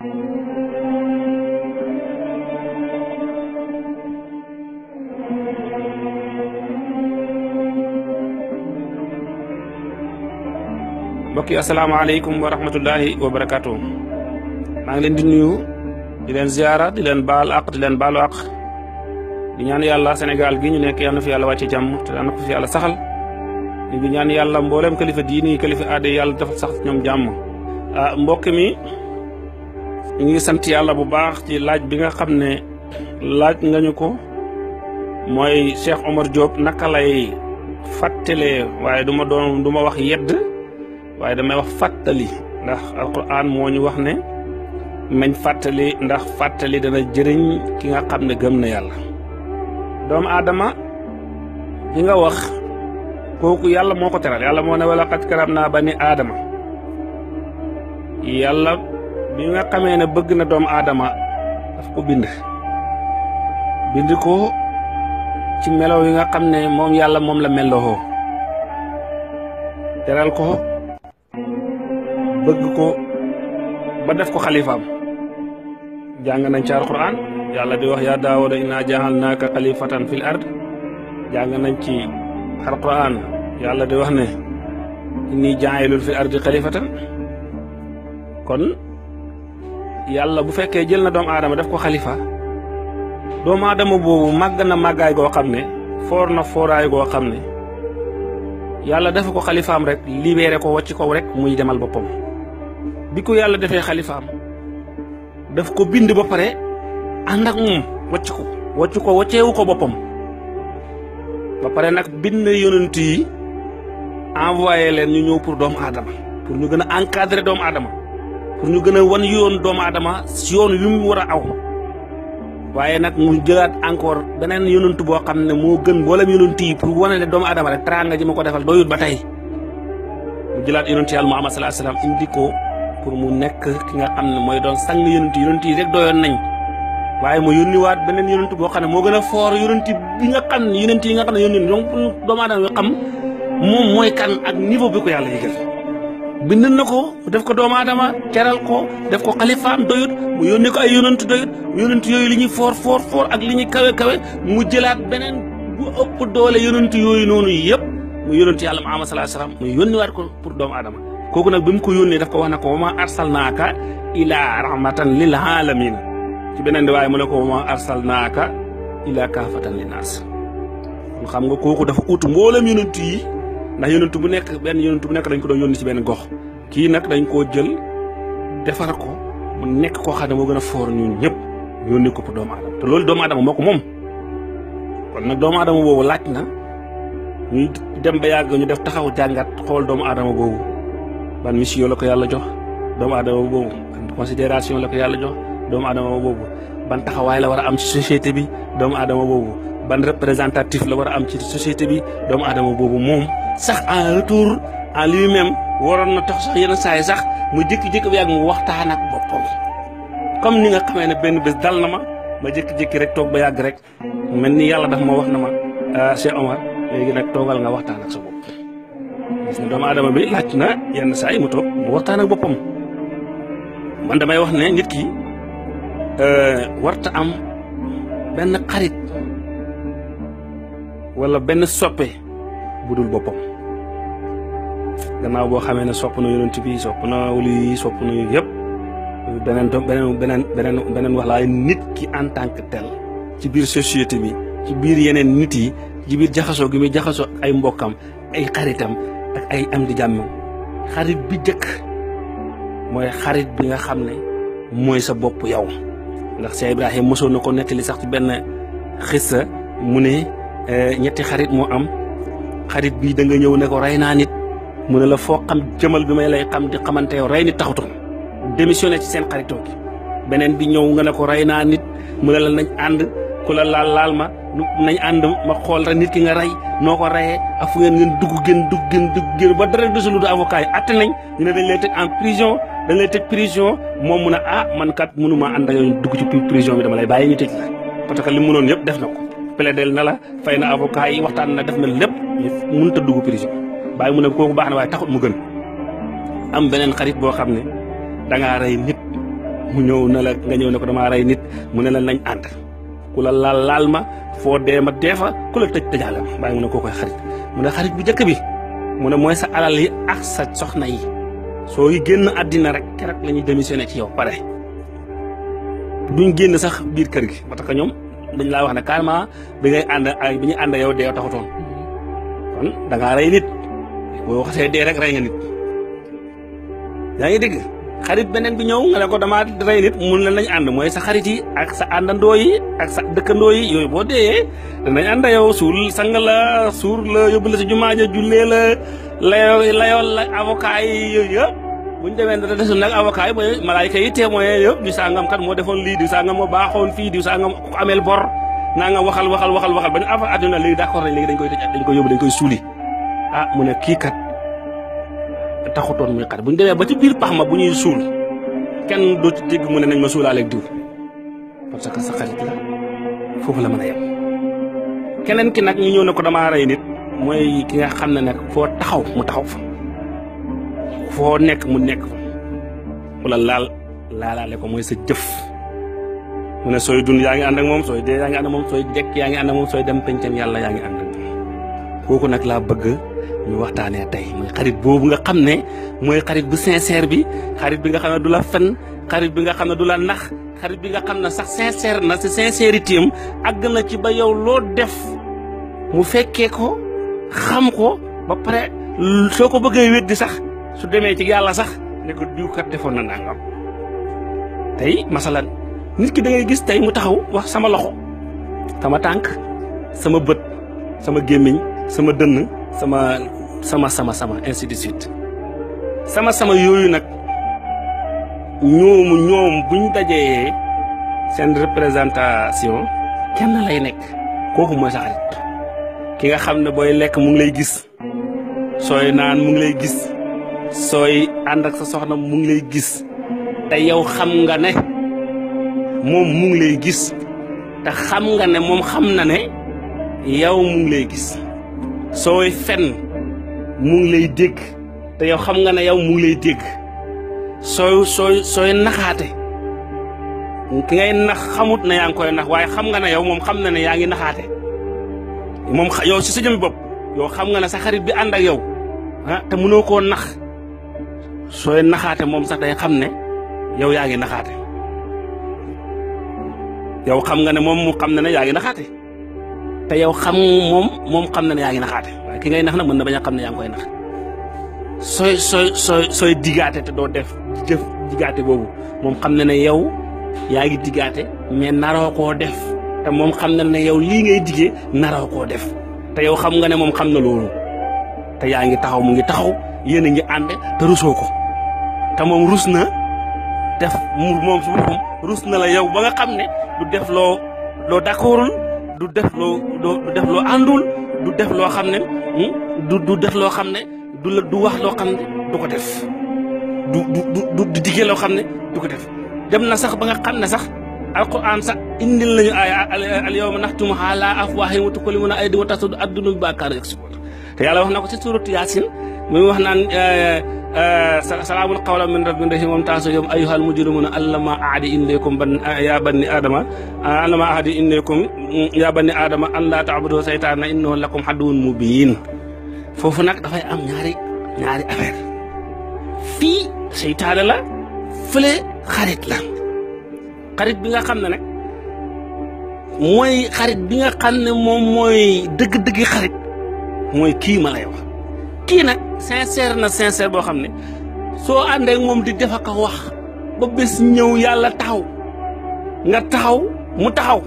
mbokk yi asalaamaaleykum wa rahmatullahi wa barakaatu maa ngi leen di nuyu di leen ziyaara di leen baal àq di leen baalu àq di ñaan yàlla senegal gi ñu nekk yal na fi yàlla wàcce jàmm te daan ko fi yàlla saxal ñu ngi ñaan yàlla mbooleem kalifa diini kalifa aada yàlla dafa sax ñoom jàmm ah mbokk mi ñu ngi sant yàlla bu baax ci laaj bi nga xam ne laaj nga ko mooy Cheikh Omar Diop naka lay fàttele waaye duma ma doon du ma wax yedd waaye damay wax fàttali ndax alquran moo ñu wax ne mañ fàttali ndax fàttali dana jëriñ ki nga xam ne gëm na yàlla doomu aadama li nga wax kooku yàlla moo ko teral yàlla moo ne wala xat karam naa ba ni aadama yàlla bi nga xamee ne bëgg na doomu aadama daf ko bind bind ko ci melow yi nga xam ne moom yàlla moom la meloo deral ko bëgg ko ba def ko xalifaam jàng nañ ci alquran yàlla di wax yaa daawuda inna jaxalnaaka xalifatan fil ard jàng nañ ci alquran yàlla di wax ne inni jaayilul fil ardi xalifatan kon yàlla bu fekkee jël na doomu aadama def ko xalifa doomu aadama boobu màgg na màggaay goo xam ne foor na fooraay goo xam ne yàlla def ko xalifaam rek libéré ko wàcc ko rek muy demal boppam bi ko yàlla defee xalifaam daf ko bind ba pare ànd ak moom wàcc ko wàcc ko boppam ba pare nag bind yonent yi envoyé leen ñu ñëw pour doomu aadama pour ñu gën a encadrer doomu aadama pour ñu gën a wan yoon doomu aadama si yoon wi mu war a aw waaye nag mu jëlaat encore beneen yonantu boo xam ne moo gën mboolem yonantu yi pour wane ne doomu aadama rek teraanga ji ma ko defal doyut ba tey mu jëlaat yonantu yàlla Muhammad sallallahu alayhi wasallam ko pour mu nekk ki nga xam ne mooy doon sang yonantu yonantu yi rek doyoon nañ waaye mu yónniwaat beneen yonantu boo xam ne moo gën a foor yonantu bi nga xam ne yonantu yi nga xam ne yónni donc doomu aadama bi xam moom mooy ak niveau bi ko yàlla yëgal bind na ko def ko doomu aadama teral ko def ko xalifaam doyut mu yónnee ko ay yonantu doyut yonantu yooyu li ñuy foor foor foor ak li ñuy kawe kawe mu jëlaat beneen bu ëpp doole yonantu yooyu noonu yëpp mu yonantu yàlla Muhammad sallallahu alayhi wasallam mu yónniwaat ko pour doomu adama kooku nag bi mu ko yónnee daf ko wax ne ko wama arsalnaaka ilaa rahmatan lil alamin ci beneen di waaye mu ne ko wama arsalnaaka ilaa kaafatan linnaas xam nga kooku dafa ut ndax yonentu bu nekk benn yonentu bu nekk dañ ko doon yónni ci benn gox kii nag dañ koo jël defar ko mu nekk koo xam ne moo gën a foor ñu ñëpp yónni ko pour doomu aadama loolu doomu aadama moo ko nag doomu aadama boobu laaj na ñuy dem ba yàgg ñu def taxaw jàngat xool doomu aadama boobu ban mission yàlla jox doomu aadama boobu considération la yàlla jox doomu aadama boobu ban taxawaay la war a am ci société bi doomu aadama boobu ban représentatif la war a am ci société bi doomu aadama boobu moom sax en retour en lui-même waroon na tax sax yenn saay sax mu jékki-jékki bi yàgg mu waxtaan ak boppam comme ni nga xamee ne benn bés dal na ma ma jékki-jékki rek toog ba yàgg rek mel ni yàlla daf ma wax na ma ah, Cheikh Omar léegi nag toogal nga waxtaan ak bopp. gis na aadama bi laaj na yenn saa yi mu toog mu wax ne nit ki eh, warta am benn xarit wala benn soppe. bu dul boppam gannaaw boo xamee ne sopp na yonent bi sopp na wali yi sopp na yëpp beneen beneen beneen beneen beneen wax laa nit ki en tant que ci biir société bi ci biir yeneen nit yi ci biir jaxasoo gi muy jaxasoo ay mbokkam ay xaritam ak ay am di jàmm xarit bi jëkk mooy xarit bi nga xam ne mooy sa bopp yow ndax Cheikh Ibrahima mosoon na ko nekk li sax ci benn xissa mu ne eh, ñetti xarit moo am xarit bii da nga ñëw ne ko rey naa nit mu ne la foo xam jëmal bi may lay xam di xamante yow rey nit taxutu démissionné ci seen xaritoo gi beneen bi ñëw nga ne ko rey naa nit mu ne la nañ ànd ku la laal laal ma nañ ànd ma xool rek nit ki nga rey noo ko reyee a fu ngeen ngeen dugg gën dugg gën dugg gën ba dara desul du avocat yi atte nañ ñu ne dañ lay tëj en prison dañ lay tëj prison moom mu ne ah man kat mënuma ànd ak dugg ci prison bi dama lay bàyyi ñu tëj parce que li mu mënoon yëpp def na ko. plaidel na la fay na avocat yi waxtaan na def na lépp mënut a dugg prison bàyyi mu ne kooku baax na waaye taxut mu gën am beneen xarit boo xam ne dangaa rey nit mu ñëw ne la nga ñëw ne ko dama rey nit mu ne la nañ ànd ku la laal laal ma foo dee ma dee fa ku la tëj tëjaale ma bàyyi mu ne kookoy xarit mu ne xarit bu njëkk bi mu ne mooy sa alal yi ak sa soxna yi soo yi génn àddina rek keroog la ñuy démissionné ci yow pare duñ génn sax biir kër dañ laa wax ne carrément bi ngay ànd ay bi ñu ànd yow dee taxutoon kon da ngaa rey nit boo xasee dee rek rey nga nit yaa ngi dégg xarit beneen bi ñëw nga ne ko damaa rey nit mun leen lañ ànd mooy sa xarit yi ak sa àndandoo yi ak sa dëkkandoo yi yooyu boo deeyee danañ ànd yow suul sang la suur la yóbbu la si jumaa ja jullee la layoo layoo la avocat yi yooyu yëpp bu ñu demee dana desul nag avocat mooy malaayika yi témoin yëpp diw sangam kat moo defoon lii sa sangam moo baaxoon fii diw sangam ko ameel bor naa nga waxal waxal waxal waxal bañ avant àdduna na d'accord nañ léegi dañ koy tëj dañ koy yóbbu dañ koy suuli ah mu ne kii kat taxutoon muy xat bu ñu demee ba ci biir pax ma bu ñuy suul kenn doo ci dégg mu ne nañ ma suulaaleeg diw parce que sa xarit la foofu la mën a yem keneen ki nag ñu ñëw ne ko damaa rey nit mooy ki nga xam ne nag foo taxaw mu taxaw foo nekk mu nekk fa mu la laal laalaale ko mooy sa jëf mu ne sooy dund yaa ngi ànd ak moom sooy dee yaa moom sooy dekk yaa ngi ànd ak moom sooy dem pencam yàlla yaa ngi ànd ak kooku nag laa bëgg ñu waxtaanee tey muy xarit boobu nga xam ne mooy xarit bu sincère bi xarit bi nga xam ne du la fen xarit bi nga xam ne du la nax xarit bi nga xam ne sax sincère na si sincérité am na ci ba yow loo def mu fekkee ko xam ko ba pare soo ko bëggee weddi sax su demee ci yàlla sax ne diw diwkat defoon na nangam tey masalan nit ki da gis tey mu taxaw wax sama loxo sama tànk sama bët sama gémmiñ sama dënn sama sama sama sama ainsi de suite sama sama yooyu nag ñoomu ñoom buñ dajee seen représentation kenn lay nekk kooku mooy sa ki nga xam ne booy lekk mu ngi lay gis sooy naan mu ngi lay gis sooy ànd ak sa soxna mu ngi lay gis te yow xam nga ne moom mu ngi lay gis te xam nga ne moom xam na ne yow mu ngi lay gis sooy fen mu ngi lay dégg te yow xam nga ne yow mu ngi lay dégg sooy sooy sooy naxaate ki ngay nax xamut na yaa koy nax waaye xam nga ne yow moom xam na ne yaa ngi naxaate moom yow si sa jëmmi bopp yow xam nga ne sa xarit bi ànd ak yow ah te koo nax sooy naxaate moom sax day xam ne yow yaa ngi naxaate yow xam nga ne moom mu xam ne yaa ngi naxaate te yow xam moom moom xam na ne yaa ngi naxaate waaye ki ngay nax nag mën na bañ xam ne yaa ngi koy nax sooy sooy digaate te doo def jëf digaate boobu moom xam na ne yow yaa ngi digaate mais naroo koo def te moom xam na ne yow lii ngay digee naroo koo def te yow xam nga ne moom xam na loolu te yaa ngi taxaw mu ngi taxaw yéen a ngi ànd te rusoo ko te moom rus na def moom su na la yow ba nga xam ne du def loo loo d'accordul du def loo du def loo àndul du def loo xam ne hmm, du du def loo xam ne du la du wax loo xam ne du ko def du du du du diggee loo xam ne du ko def dem na sax ba nga xam ne sax alquran sax indil nañu aaya al yawma naxtimu ala afwaahihim wa tukallimuna aydi wa tasudu adduna bi te yàlla wax ko ci suuratu yaasin muy wax eh, salaamun qawlan min rabbin rahim moom taasoo yoom ayyuhal mujrimuna allama ahadi ilaykum ban yaa banni aadama allama ahadi ilaykum yaa banni aadama an laa saytaana innahu lakum aduwwun mubiin foofu nag dafay am ñaari ñaari affaire fii seytaane la fële xarit la xarit bi nga xam ne nag mooy xarit bi nga xam ne moom mooy dëgg-dëgg xarit mooy kii ma lay kii nag sincère na sincère boo xam ne soo àndee ak moom di def ka wax ba bés ñëw yàlla taxaw nga taxaw mu taxaw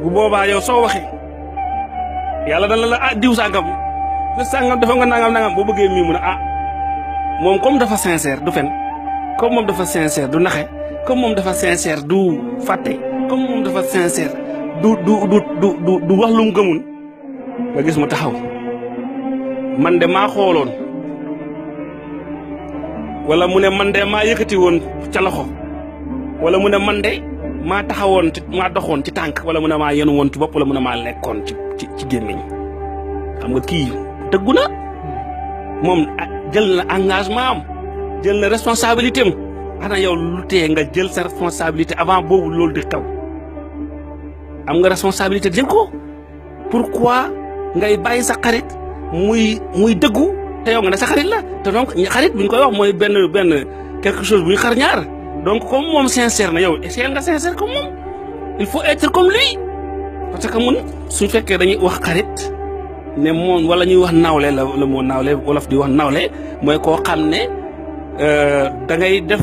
bu boobaa yow soo waxee yàlla dana la ah diw sàngam bés sàngam dafa nga nangam nangam boo bëggee mii mu ne ah moom comme dafa sincère du fen comme moom dafa sincère du naxe comme moom dafa sincère du fàtte comme moom dafa sincère du du du du du wax lu mu gëmul nga gis mu taxaw man de maa xooloon wala mu ne man de maa yëkkati woon ca loxo wala mu ne man de maa taxawoon maa doxoon ci tànk wala mu ne maa yenu woon ci bopp la mu ne maa lekkoon ci ci ci gémmiñ xam nga kii dëggu moom jël na engagement am jël na responsabilité am ana yow lu tee nga jël sa responsabilité avant boobu loolu di xew am nga responsabilité jël ko ngay bàyyi sa xarit muy muy dëggu te yow nga ne sa xarit la te donc xarit bu ñu koy wax mooy benn benn quelque chose bu ñu xar ñaar donc comme moom sincère na yow essayé nga sincère comme moom il faut être comme lui parce que mun suñ fekkee dañuy wax xarit ne moom wala ñuy wax nawle la la moo nawle wolof di wax nawle mooy koo xam ne euh, da ngay def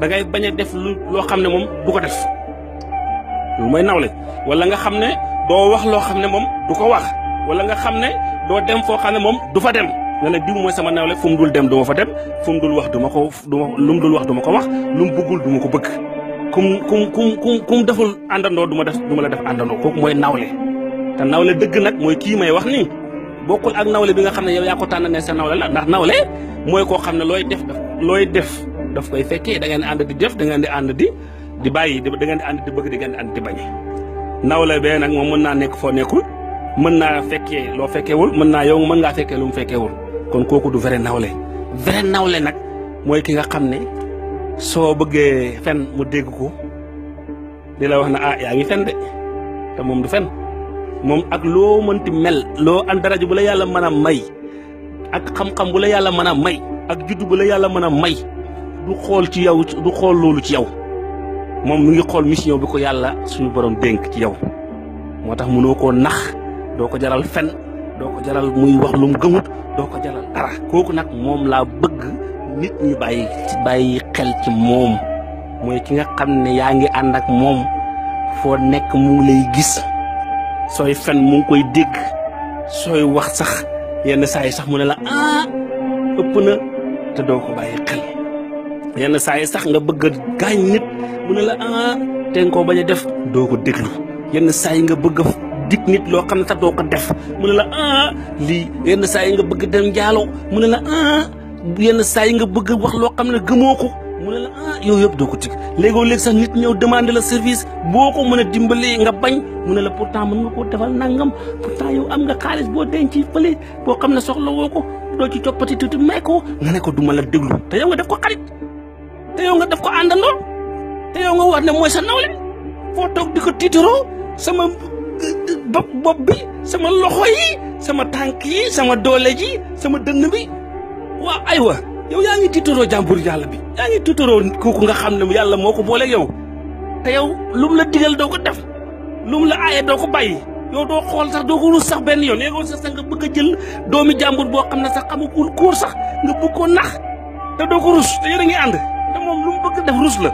da ngay bañ a def lu loo xam ne moom du ko def loolu mooy naw le wala nga xam ne doo wax loo xam ne moom du ko wax wala nga xam ne doo dem foo xam ne moom du fa dem nga ne diw mooy sama nawle fu mu dul dem du ma fa dem fu mu dul wax du ma ko du ma lu dul wax du ma ko wax lu mu bëggul du ma ko bëgg kum kum kum kum kum deful àndandoo duma def du ma la def àndandoo kooku mooy nawle te nawle dëgg nag mooy kii may wax nii bokkul ak nawle bi nga xam ne yow yaa ko tànn ne sa nawle la ndax nawle mooy koo xam ne looy def looy def daf koy fekkee da ngeen ànd di def da ngeen di ànd di di bàyyi da ngeen di ànd di bëgg di ngeen di ànd di bañ bee nag moom mën naa nekk foo nekkul mën naa fekkee loo fekkewul mën naa yow mën ngaa fekkee lu mu fekkewul kon kooku du vrai nawle vrai nawle nag mooy ki nga xam ne soo bëggee fen mu dégg ko di la wax na ah yaa ngi fen de te moom du fen moom ak loo mënti mel loo am daraja bu la yàlla mën a may ak xam-xam bu la yàlla mën a may ak juddu bu la yàlla mën a may du xool ci yow du xool loolu ci yow moom ngi xool mission bi ko yàlla suñu borom dénk ci yow moo tax mënoo koo nax doo ko jaral fen doo ko jaral muy wax lu gëmut doo ko jaral dara kooku nag moom laa bëgg nit ñi bàyyi bàyyi xel ci moom mooy ki nga xam ne yaa ngi ànd ak moom foo nekk mu lay gis sooy fen mu ngi koy dégg sooy wax sax yenn saa yi sax mu ne la ah ëpp na te doo ko bàyyi xel yenn saa yi sax nga bëgga a gaañ nit mu ne la ah te nga koo bañ a def doo ko déglu yenn saa yi nga bëgg dig nit loo xam ne sax doo ko def mu ne la ah lii yenn saa yi nga bëgg dem njaaloo mu ne la ah yenn saa yi nga bëgg wax loo xam ne gëmoo ko mu ne la ah yooyu yëpp doo ko tig léegoo léegi sax nit ñëw demandé la service boo ko mën a dimbalee nga bañ mu ne la pourtant mën nga koo defal nangam pourtant yow am nga xaalis boo denc fële boo xam ne soxla woo ko doo ci coppati tuuti may ko nga ne ko du ma la déglu te yow nga def ko xarit te yow nga def ko àndandoo te yow nga wax ne mooy sa nawle foo toog di ko tiitaroo sama bopp bopp bi sama loxo yi sama tànk yi sama doole ji sama dënn bi waaw aywa yow yaa ngi tiitaroo jàmbur yàlla bi yaa ngi tiitaroo kooku nga xam ne yàlla moo ko booleeg yow te yow lu mu la digal doo ko def lu mu la aaye doo ko bàyyi yow doo xool sax doo ko ruus sax benn yoon yéegoon sax sax nga bëgg a jël doomi jàmbur boo xam ne sax xamu ko sax nga bëgg koo nax te doo ko ruus te yéen a ngi ànd te moom lu mu bëgg def ruus la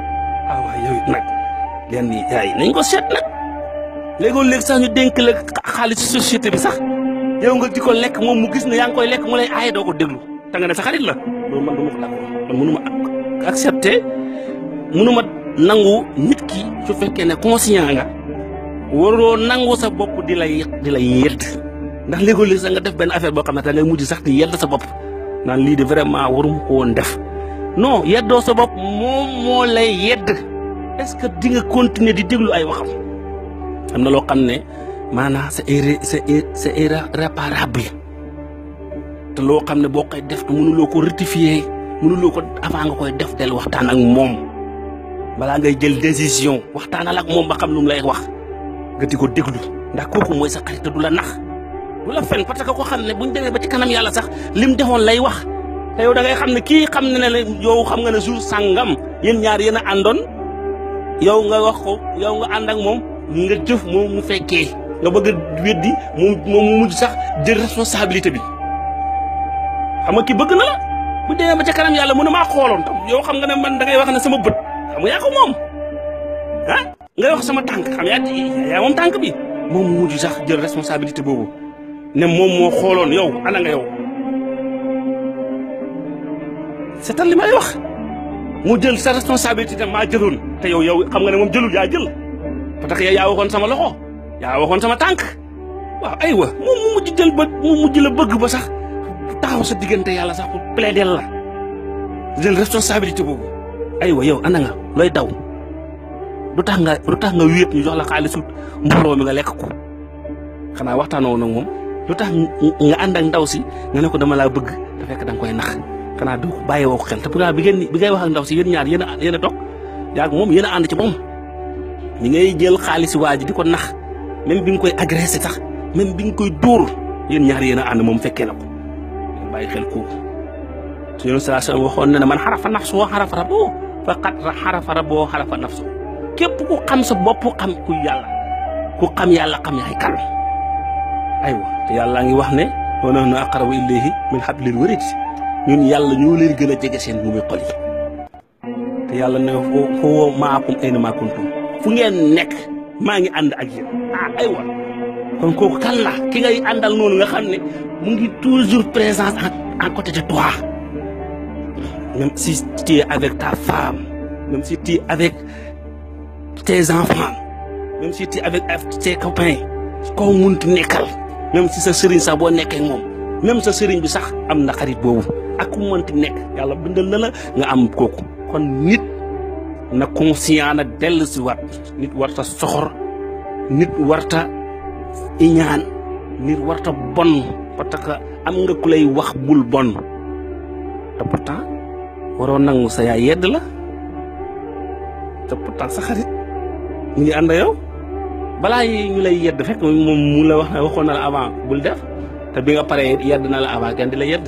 ah, waaw yow it nag lenn ko seet léegoon léegi sax ñu dénk la xaalis ci société bi sax yow nga di ko lekk moom mu gis na yaa ngi koy lekk mu lay aaye doo ko déglu te nga ne sa xarit la loolu man du ma ko d'accord man mënu ma nangu nit ki su fekkee ne conscient nga waroo nangu sa bopp di lay di lay yedd ndax léegoo léegi sax nga def benn affaire boo xam ne da ngay mujj sax ti yedd sa bopp naan lii de vraiment warum ko woon def non yeddoo sa bopp moom moo lay yedd est-ce que di nga continuer di déglu ay waxam xam na loo xam ne maanaam c'est irré c'est irréparable te loo xam ne boo koy def te mënuloo ko rectifier mënuloo ko avant nga koy def del waxtaan ak moom balaa ngay jël décision waxtaanal ak moom ba xam lu lay wax nga di ko déglu ndax kooku mooy sa xarit du la nax du la fen parce ko xam ne buñ demee ba ci kanam yàlla sax lim defoon lay wax te yow da ngay xam ne kii xam ne ne yow xam nga ne jour sàngam yen ñaar yen a àndoon yow nga wax ko yow ànd ak moom nga jëf moom mu fekkee nga bëgg a weddi moom moom mu mujj sax jël responsabilité bi xam nga ki bëgg na la bu demee ma ca kanam yàlla mu ne maa xooloon yow xam nga ne man da wax ne sama bët xam nga yaa ah wax sama tànk xam yaa moom tànk bi moom mu mujj sax jël responsabilité boobu ne moom moo xooloon yow ana nga yow seetal li may wax mu jël sa responsabilité maa jëloon te yow yow xam nga ne moom jëlul yaa jël parce que yaa waxoon sama loxo yaa waxoon sama tànk waaw aywa moom mu mujj jël ba mu mujj la bëgg ba sax taxaw sa diggante yàlla sax pour plaider la jël responsabilité boobu aywa yow ana nga looy daw du tax nga du tax nga wéet ñu jox la xaalisu mbooloo mi lekk ko xanaa waxtaanoo nag moom lu tax nga ànd ak ndaw si nga ne ko dama laa bëgg te fekk da nga koy nax xanaa du bàyyi woo ko xel te pourtant bi ngeen bi ngay wax ak ndaw si yéen ñaar yéen a yéen a moom yéen a ànd ci moom. ni ngay jël xaalis waa ji di ko nax même bi koy agressé sax même bi nga koy duur yéen ñaar yéen a ànd moom fekkee na ko bàyyi xel kooku suñu station waxoon na ne man xarafa nafsu woo xarafa raboo fa xat xarafa raboo xarafa képp ku xam sa bopp xam ku yàlla ku xam yàlla xam yaay kan aywa te yàlla ngi wax ne wa nahnu aqrabu ilayhi min hablil warid ñun yàlla ñoo leen gën a jege seen buumi xol te yàlla ne huwa maakum ayna maa kuntum fu ngeen nekk maa ngi ànd ak yéen ah aywa kon kooku kan la ki ngay àndal noonu nga xam ne mu ngi toujours présence en côté de toi même si tu es avec ta femme même si tu es avec tes enfants même si tu avec tes copains koo munti nekkal même si sa sëriñ sax boo nekkee moom même sa sëriñ bi sax am na xarit boobu ak ku mënti nekk yàlla bindal na la nga am kooku kon nit na conscient na dell si wat nit warta soxor nit warta iñaan nit warta bon parce que am nga ku lay wax bul bon te pourtant waroo nangu sa yaay yedd la te pourtant sa mu ngi ànd yow balaa yi ñu lay yedd fekk moom mu la wax waxoon na la avant bul def te bi nga paree yedd na la avant kenn di la yedd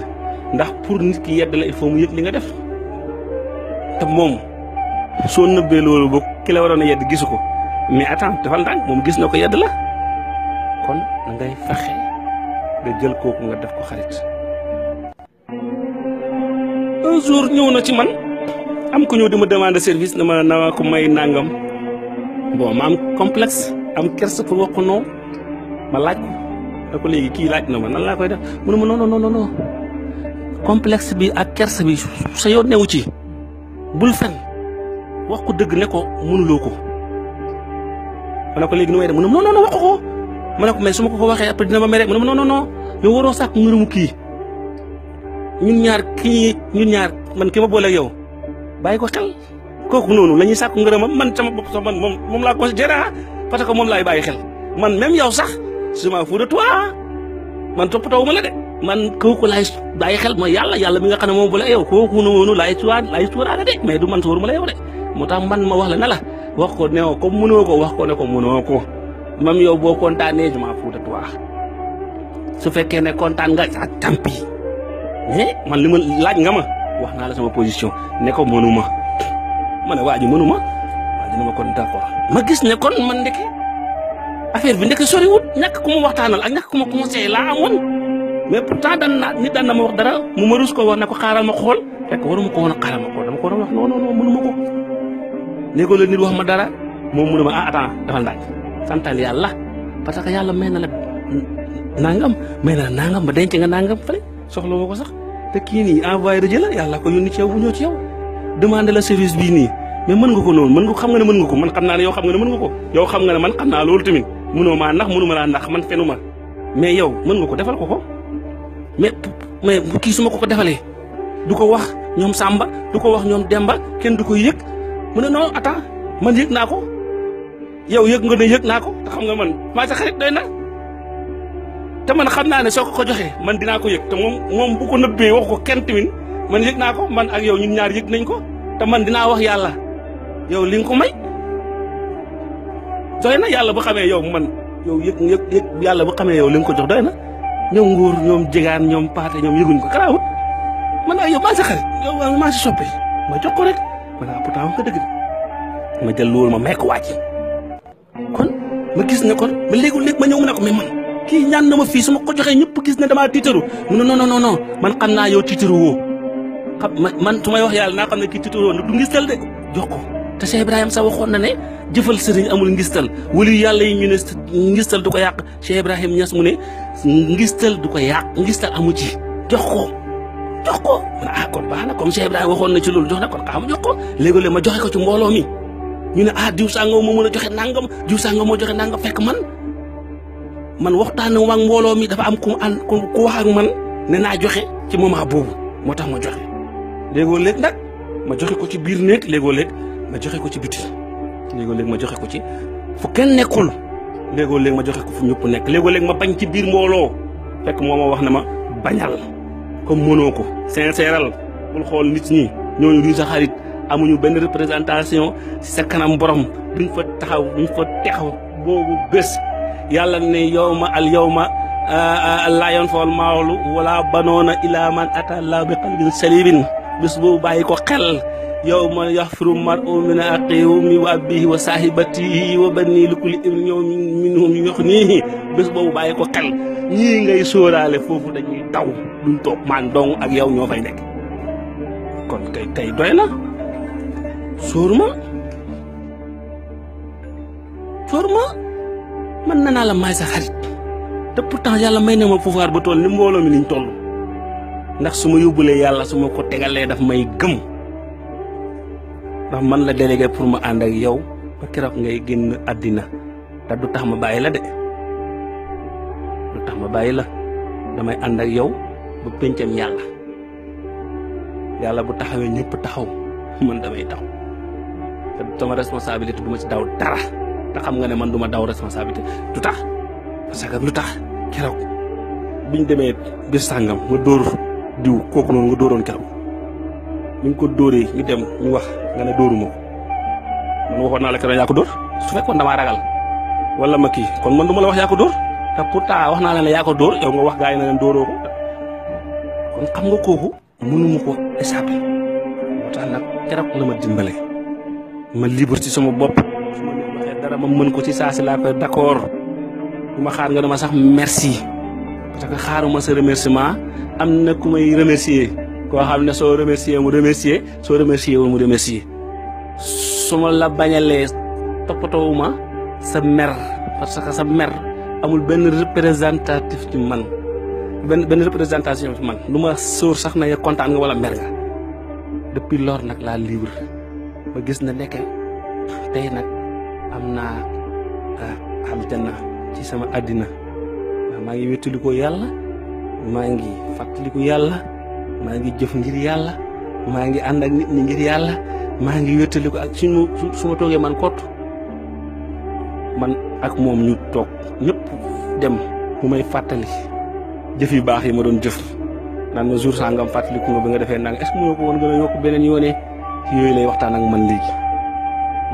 ndax pour nit ki yedd la il faut mu yëg li nga def te moom soo nëbbee loolu ba ki la waroon a yedd gisu ko mais attends dafa ndànk moom gis na ko yedd la kon da ngay da jël kooku nga def ko xarit. un ñëw na ci man am ko ñëw di ma service na ma na ko may nangam bon ma am complexe am kersa pour wax ko ma laaj ko ko léegi kii laaj na ma nan laa koy def mu ne ma non non non complexe bi ak kersa bi sa yoon newu ci bul fen wax ko dëgg ne ko mënuloo ko ma ne ko léegi nu may def mu ne non non wax ko ma su ma ko ko waxee après dina ma mere mu ne non non non yow waroo sàkk kii ñun ñaar kii ñun ñaar man ki ma boole yow bàyyi ko xel kooku noonu la ñuy sàkk ngërëmam man sama bopp sama man moom moom laa considéré ah. parce que moom laay bàyyi xel man même yow sax je m'en fous de toi ah. man toppatoo ma la de man kooku yàlla yàlla mi xam ne moom bu la yow kooku noonu laay du man sóoru ma la yow de. mu tax man ma wax la nala wax ko ne ko mënoo ko wax ko ne ko mënoo ko mam yow boo kontaanee je m'en fous fekkee ne kontaan nga ah tant pis eh, man li ma laaj nga ma wax naa la sama position ne ko mënuma ma ne waa ji mënuma ma kon d'accord ma gis ne kon man ndeke affaire bi ndeke soriwut ñàkk ku ma waxtaanal ak ñàkk ku ma conseillé laa a mais pourtant dan na nit daan ma wax dara mu ma rus ko wax ne ko xaaral ma xool fekk waruma ko woon a xaaral ma xool ko war a léegoo la nit wax ma dara moom mu ne ma a ah, attends defal ndànk santal yàlla parce que yàlla may na la nangam may na la nangam ba denc nga nangam fële soxla woo ko sax te kii nii envoyé rajo la yàlla ko yónni ci yow bu ñëw ci yow demandé la service bii nii mais mën nga ko noonu mën nga ko xam nga ne mën nga ko man xam naa ne xam nga ne mën nga ko yow xam nga ne man xam naa loolu tamit mënoo maa ndax mënu ma laa ndax man fenu ma mais yow mën nga ko defal ko ko mais mais kii su ma ko ko defalee du ko wax ñoom Samba du ko wax ñoom Demba kenn du ko yëg mu ne non attends man yëg naa ko yow yëg nga ne yëg naa ko te xam nga man maa sa xarit doy na te man xam naa ne soo ko ko joxee man dinaa ko yëg te moom moom bu ko nëbbee wax ko kenn tamit man yëg naa ko man ak yow ñun ñaar yëg nañ ko te man dinaa wax yàlla yow li ko may doy na yàlla boo xamee yow man yow yëg yëg yàlla boo xamee yow li ko jox doy na ñoom nguur ñoom jegaan ñoom paate ñoom yëguñ ko karaawut man ak yow maa sa xarit yow maa si soppe ma jox ko rek ma a pourtant dëgg ma jël loolu ma may ko wàcc kon ma gis ne kon ma léegi léegi ma ñëw mu na ko mais man kii ñaan na ma fii su ma ko joxee ñëpp gis na damaa tiitaru mu ne non non man xam naa yow tiitaru woo xam man su may wax yàlla naa xam na kii tiitaru woo du ngistal de jox ko te Cheikh Ibrahima sax waxoon na ne jëfal sëriñ amul ngistal wali yàlla yi ñu ne ngistal du ko yàq Cheikh Ibrahima Niass mu ne ngistal du ko yàq ngistal amu ci jox ko. jox ko mu ne ah kon baax na comme Cheikh waxoon na ci loolu jox na kon xaaral ma jox ko léegi-léegi ma joxe ko ci mbooloo ñu ne ah diw sàngam moo mën a joxe nangam diw sàngam moo joxe nangam fekk man man waxtaan ak mbooloo mi dafa am ku mu ànd ku wax ak man ne naa joxe ci moment boobu moo tax ma joxe léegoo-léeg nag ma joxe ko ci biir néeg léegoo-léeg ma joxe ko ci biti léegoo-léeg ma joxe ko ci fu kenn nekkul léegoo-léeg ma joxe ko fu ñëpp nekk léegoo-léeg ma bañ ci biir mbooloo fekk moo ma wax na ma bañal comme mënoo ko sincéral bul xool nit ñi ñooñu duñ sa xarit amuñu benn représentation ci sa kanam borom duñ fa taxaw duñ fa texaw boobu bës yàlla ne yow ma al yow ma laa yoon fool maawlu wala banoona ilaa man ata laa bi qalbin salimin bés boobu bàyyi ko xel yawma yaxfiru mar'u min axiihi wa abiihi wa saahibatihi wa baniihi li kulli imri'in minhum yughniihi bés boobu bàyyi ko xel ñii ngay sóoraale foofu dañuy taw duñ toog man dong ak yow ñoo fay nekk kon kay kay doy na sóor ma man na la may sa xarit te pourtant yàlla may na ma pouvoir ba toll ni mbooloo mi niñ toll ndax su ma yóbbulee yàlla su ma ko tegalee dafa may gëm ndax man la délégué pour ma ànd ak yow ba keroog ngay génn àddina te du tax ma bàyyi la de du tax ma bàyyi la damay ànd ak yow ba péncam yàlla yàlla bu taxawee ñëpp taxaw man damay taxaw te sama responsabilité du ma ci daw dara te xam nga ne man du ma daw responsabilité du tax parce que lu tax keroog biñ demee biir sàngam nga dóor diw kooku noonu nga dóoroon keroog. ni nga ko dóoree ñu dem wax nga ne dóoruma ko man waxoon naa la keroog yaa ko dóor su fekkoon damaa ragal wala ma kii kon man du ma la wax yaa ko dóor te pourtant wax naa la ne yaako ko dóor yow nga wax gaa yi na leen dóoroo ko kon xam nga kooku mënuma ko échapper moo tax nag keroog la ma dimbale ma libre ci sama bopp su ma waxee dara ma mën ko ci saa si laa koy d'accord ma xaar nga dama sax merci parce que xaaruma sa remerciement am na ku may remercier koo xam ne soo remercier mu remercier soo remercier wul mu remercier su ma la bañalee toppatoowu ma sa mer parce que sa mer amul benn représentatif ci man benn benn représentation ci man lu ma sóor sax na kontaan nga wala mer nga depuis lors nag laa libre ba gis na nekke tey nag am naa aljanna ah, ci sama àddina maa ngi wéttaliku yàlla maa ngi fàttaliku yàlla maa ngi jëf ngir yàlla maa ngi ànd ak nit ñi ngir yàlla maa ngi wéttali ak suñu su ma toogee man kott man ak moom ñu toog ñépp dem mu may fàttali jëf yu baax yi ma doon jëf naan ma jour sangam fàttaliku nga ba nga defee nang est ce que mënoo ko woon gën a yokk beneen yoonee ci yooyu lay waxtaan ak man léegi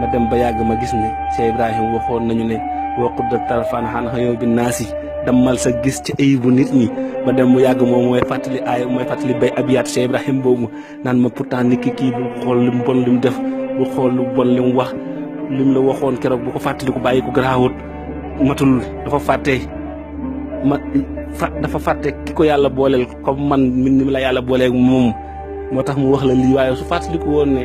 ma dem ba yàgg ma gis ne Cheikh Ibrahima waxoon nañu ne waqut da tarfan xan xëyoo bi naasi dammal sa gis ci ayibu nit ñi ba dem mu yàgg moom mooy fàttali aay mooy fàttali bay abiyaat Cheikh Ibrahim boobu naan ma pourtant nit ki kii bu xool li mu bon li mu def bu xool lu bon li mu wax li la waxoon keroog bu ko fàttali ko bàyyi ko garaawut matul dafa fàtte ma fa dafa fàtte ki ko yàlla booleel comme man min ni la yàlla booleeg moom moo tax mu wax la lii waaye su fàttali ko woon ne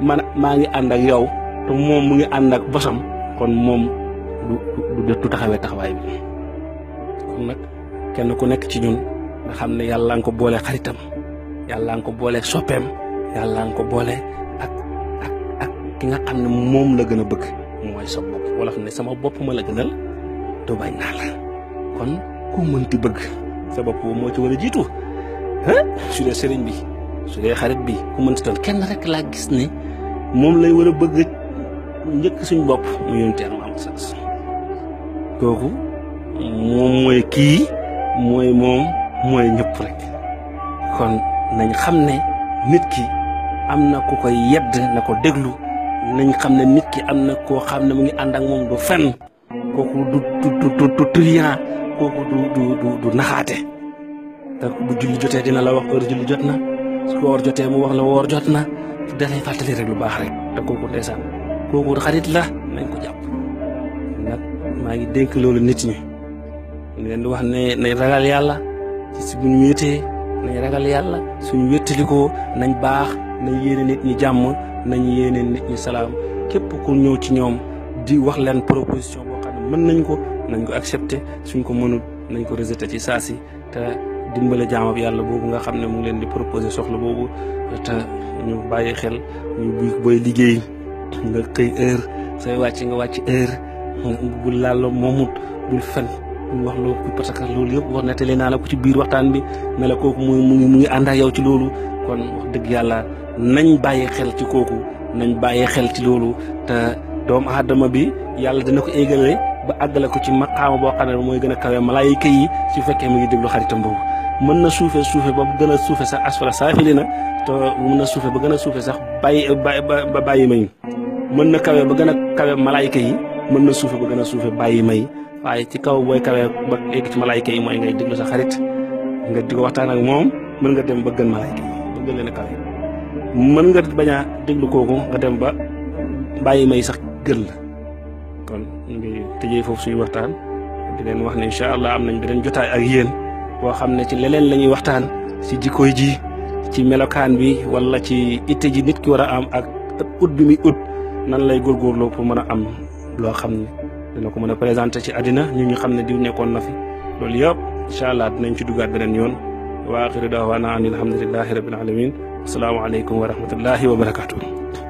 man maa ngi ànd ak yow to moom mu ngi ànd ak bosam kon moom du du du taxawee taxawaay kon nag kenn ku nekk ci ñun xam ne yàlla nga boole xaritam yàlla nga boole soppeem yàlla nga ko boole ak ak nga xam ne moom la gën a bëgg xam ne sama bopp ma la gënal du bañ naa la kon mënti bëgg sa bopp moo ci war a jiitu su dee sëriñ bi su dee xarit bi ku mënti doon kenn rek laa gis ne moom lay war a bëgg njëkk suñu bopp mu yónni teel ma am sens kooku moom mooy kii mooy moom mooy ñëpp rek kon nañ xam ne nit ki am na ku koy yedd na ko déglu nañ xam ne nit ki am na koo xam ne mu ngi ànd ak moom du fenn kooku du du du naxaate te bu julli jotee dina la wax heure julli jot na su ko jotee mu wax na woor jot na dafay fàttali rek lu baax rek te kooku ndeysaan kooku xarit la nañ ko jàpp nag maa ngi dénk loolu nit ñi ñu leen di wax ne nañ ragal yàlla ci suñu wéetee nañ ragal yàlla suñu wéttalikoo nañ baax nañ yéene nit ñi jàmm nañ yéene nit ñi salaam képp ku ñëw ci ñoom di wax leen proposition boo xam ne mën nañ ko nañ ko accepté suñ ko mënul nañ ko rejeté ci saa si te dimbale jaamab yàlla boobu nga xam ne mu ngi leen di proposé soxla boobu te ñu bàyyi xel ñu buy booy liggéey nga xëy heure say wàcc nga wàcc heure bul laaloo moomut bul fen kooku wax loo que loolu yëpp wax nettali naa la ko ci biir waxtaan bi ne la kooku mu ngi mu ngi ànd ak yow ci loolu kon wax dëgg yàlla nañ bàyyi xel ci kooku nañ bàyyee xel ci loolu te doomu aadama bi yàlla dina ko éegale ba àggale ko ci maqaama boo xam ne mooy gën a kawe malaayika yi su fekkee mu ngi déglu xaritam boobu mën na suufe suufe ba gën a suufe sax asfala saafili na te mën na suufe ba gën a suufe sax bàyyi ba bàyyi may mën na kawe ba gën a kawe malaayika yi mën na suufe a suufe bàyyi may waaye ci kaw booy kawee ba egg ci malayka yi mooy ngay déglu sa xarit nga di waxtaan ak moom mën nga dem ba gën malayka yi ba mën nga bañ a déglu kooku nga dem ba bàyyi may sax gën la kon ñu ngi tëjee foofu suñu waxtaan di leen wax ne incha allah am nañ beneen jotaay ak yéen boo xam ne ci leneen la ñuy waxtaan ci jikkoy ji ci melokaan bi wala ci itte ji nit ki war a am ak ut bi muy ut nan lay góor góorloo pour mën a am loo xam ne dina ko mën a présenter ci àddina ñu xam ne diw nekkoon na fi loolu yëpp incha allah dinañ ci dugaat beneen yoon wa axiru daawaana an alhamdulilahi rabbil alamin asalaamaaleykum wa rahmatullahi wa barakatuh